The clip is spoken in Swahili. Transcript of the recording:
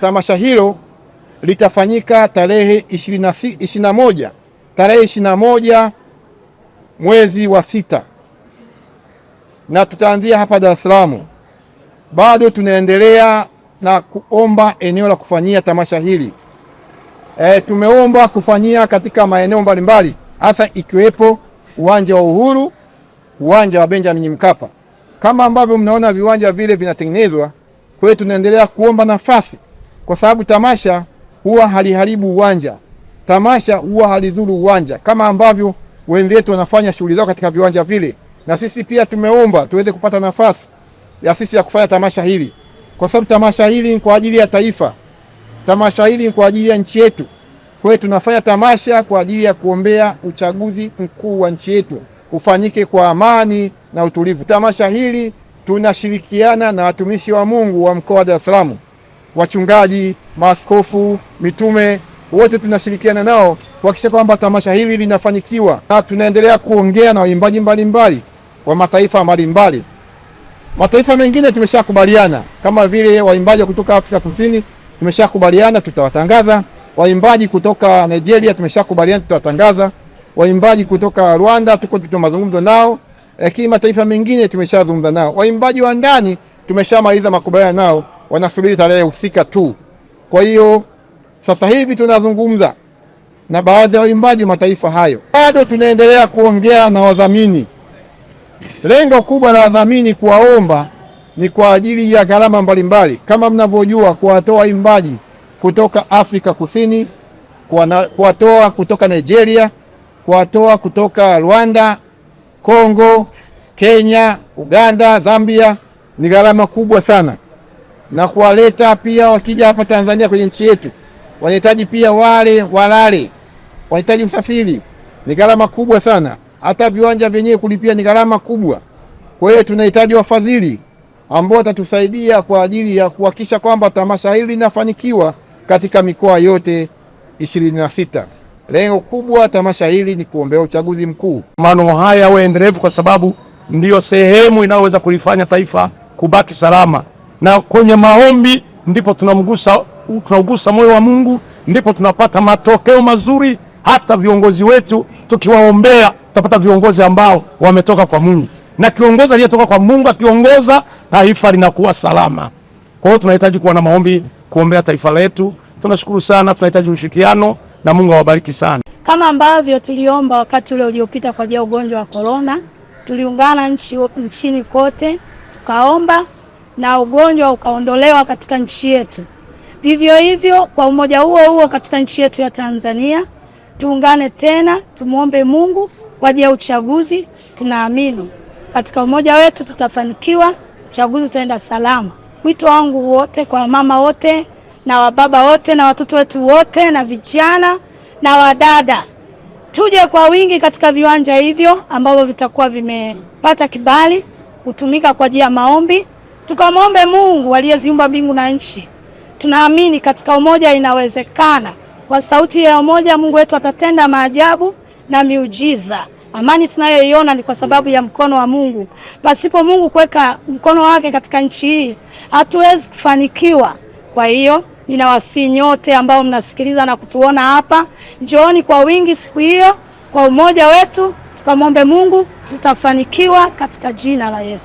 Tamasha hilo litafanyika tarehe 21 tarehe 21 mwezi wa sita, na tutaanzia hapa Dar es Salaam. Bado tunaendelea na kuomba eneo la kufanyia tamasha hili e, tumeomba kufanyia katika maeneo mbalimbali, hasa ikiwepo uwanja wa Uhuru, uwanja wa Benjamin Mkapa. Kama ambavyo mnaona viwanja vile vinatengenezwa, kwa hiyo tunaendelea kuomba nafasi kwa sababu tamasha huwa haliharibu uwanja, tamasha huwa halidhuru uwanja, kama ambavyo wenzetu wanafanya shughuli zao katika viwanja vile. Na sisi pia tumeomba tuweze kupata nafasi ya sisi ya kufanya tamasha hili, kwa sababu tamasha hili ni kwa ajili ya taifa, tamasha hili ni kwa ajili ya nchi yetu. Kwa hiyo tunafanya tamasha kwa ajili ya kuombea uchaguzi mkuu wa nchi yetu ufanyike kwa amani na utulivu. Tamasha hili tunashirikiana na watumishi wa Mungu wa mkoa wa Dar es Salaam wachungaji, maaskofu, mitume wote tunashirikiana nao kuhakikisha kwamba tamasha hili linafanikiwa, na tunaendelea kuongea na waimbaji mbalimbali wa mataifa mbalimbali. Mataifa mengine tumeshakubaliana, kama vile waimbaji kutoka Afrika Kusini tumeshakubaliana, tutawatangaza. Waimbaji kutoka Nigeria tumeshakubaliana, tutawatangaza. Waimbaji kutoka Rwanda tuko tuna mazungumzo nao, lakini mataifa mengine tumeshazungumza nao. Waimbaji wa ndani tumeshamaliza makubaliano nao wanasubiri tarehe husika tu. Kwa hiyo sasa hivi tunazungumza na baadhi ya waimbaji mataifa hayo, bado tunaendelea kuongea na wadhamini. Lengo kubwa la wadhamini kuwaomba ni kwa ajili ya gharama mbalimbali, kama mnavyojua, kuwatoa waimbaji kutoka Afrika Kusini, kuwatoa kutoka Nigeria, kuwatoa kutoka Rwanda, Kongo, Kenya, Uganda, Zambia, ni gharama kubwa sana na kuwaleta pia, wakija hapa Tanzania kwenye nchi yetu wanahitaji pia wale walale, wanahitaji usafiri, ni gharama kubwa sana. Hata viwanja vyenyewe kulipia ni gharama kubwa. Kwa hiyo tunahitaji wafadhili ambao watatusaidia kwa ajili ya kuhakikisha kwamba tamasha hili linafanikiwa katika mikoa yote ishirini na sita. Lengo kubwa tamasha hili ni kuombea uchaguzi mkuu. Maandamano haya yawe endelevu, kwa sababu ndiyo sehemu inayoweza kulifanya taifa kubaki salama na kwenye maombi ndipo tunamgusa, tunaugusa moyo wa Mungu, ndipo tunapata matokeo mazuri. Hata viongozi wetu tukiwaombea, tutapata viongozi ambao wametoka kwa Mungu, na kiongozi aliyetoka kwa Mungu akiongoza taifa linakuwa salama. Kwa hiyo tunahitaji kuwa na maombi, kuombea taifa letu. Tunashukuru sana, tunahitaji ushirikiano na Mungu awabariki sana. Kama ambavyo tuliomba wakati ule uliopita kwa ajili ya ugonjwa wa korona, tuliungana nchi, nchini kote tukaomba na ugonjwa ukaondolewa katika nchi yetu. Vivyo hivyo, kwa umoja huo huo katika nchi yetu ya Tanzania, tuungane tena, tumwombe Mungu kwa ajili ya uchaguzi. Tunaamini katika umoja wetu tutafanikiwa, uchaguzi utaenda salama. Wito wangu wote kwa mama wote na wababa wote na watoto wetu wote na vijana na wadada, tuje kwa wingi katika viwanja hivyo ambavyo vitakuwa vimepata kibali kutumika kwa ajili ya maombi tukamwombe Mungu aliyeziumba mbingu na nchi. Tunaamini katika umoja inawezekana. Kwa sauti ya umoja, Mungu wetu atatenda maajabu na miujiza. Amani tunayoiona ni kwa sababu ya mkono wa Mungu. Pasipo Mungu kuweka mkono wake katika nchi hii, hatuwezi kufanikiwa. Kwa hiyo ninawasihi nyote ambao mnasikiliza na kutuona hapa, njooni kwa wingi siku hiyo, kwa umoja wetu tukamwombe Mungu, tutafanikiwa katika jina la Yesu.